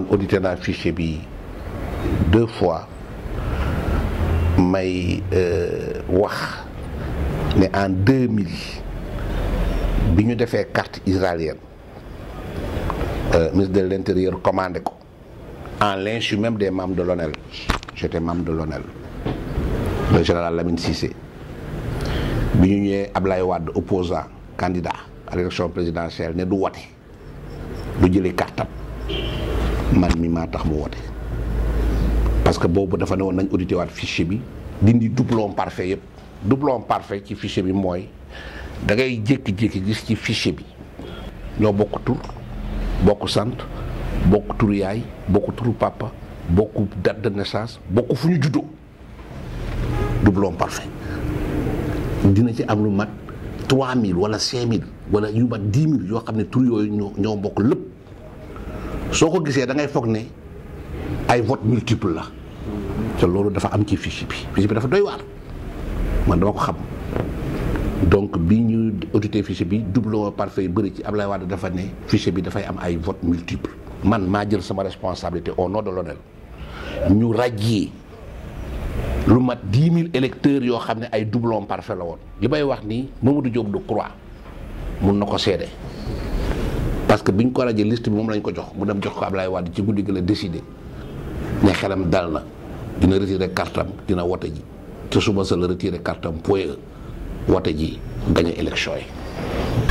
man audité naa fichier bi deux fois may euh, wax ne en 2000 bi ñu defee carte israélienne euh, ministre de l' commandé ko en l'insu même des membres de l'ONEL j'étais membre de l'ONEL le général Lamine Cissé bi ñu ñëwee Ablaye Wade opposant candidat à l'élection présidentielle ne du wote du jëli kartam man mi maa tax mu woote parce que boobu dafa ne woon nañ audité waat fichier bi dindi doublon parfait yëpp doublon parfait ci fichier bi mooy da ngay jékki-jékki gis ci fichier bi ñoo bokk tur bokk sant bokk tur yaay bokk turu papa bokk date de naissance bokk fu ñu juddoo doublon parfait dina ci am lu mat 3000 wala 5000 wala yu mat 10 000 yoo xam ne tur yooyu ñoo ñoo bokk lépp. soo ko gisee dangay foog ne ay vote multiple la te loolu dafa am ci fiche bi fiche bi dafa doy waar man dama ko xam donc bi ñu audité fiche bi doublon parfait yu bëri ci Ablaye Wade dafa ne fiche bi dafay am ay vote multiple man maa jël sama responsabilité au nom de l'ONEL ñu radier lu mat dix mille électeurs yoo xam ne ay doublon parfait la woon li may wax nii Mamadou Diop Decroix mun na ko seede parce que biñ ko rajee liste bi moom lañ ko jox mu dem jox ko Ablaye Wade ci guddi gi la décidé ne xelam dal na dina retiré kartam dina wote ji te suba sa la retiré kartam point e wote ji gañ élection yi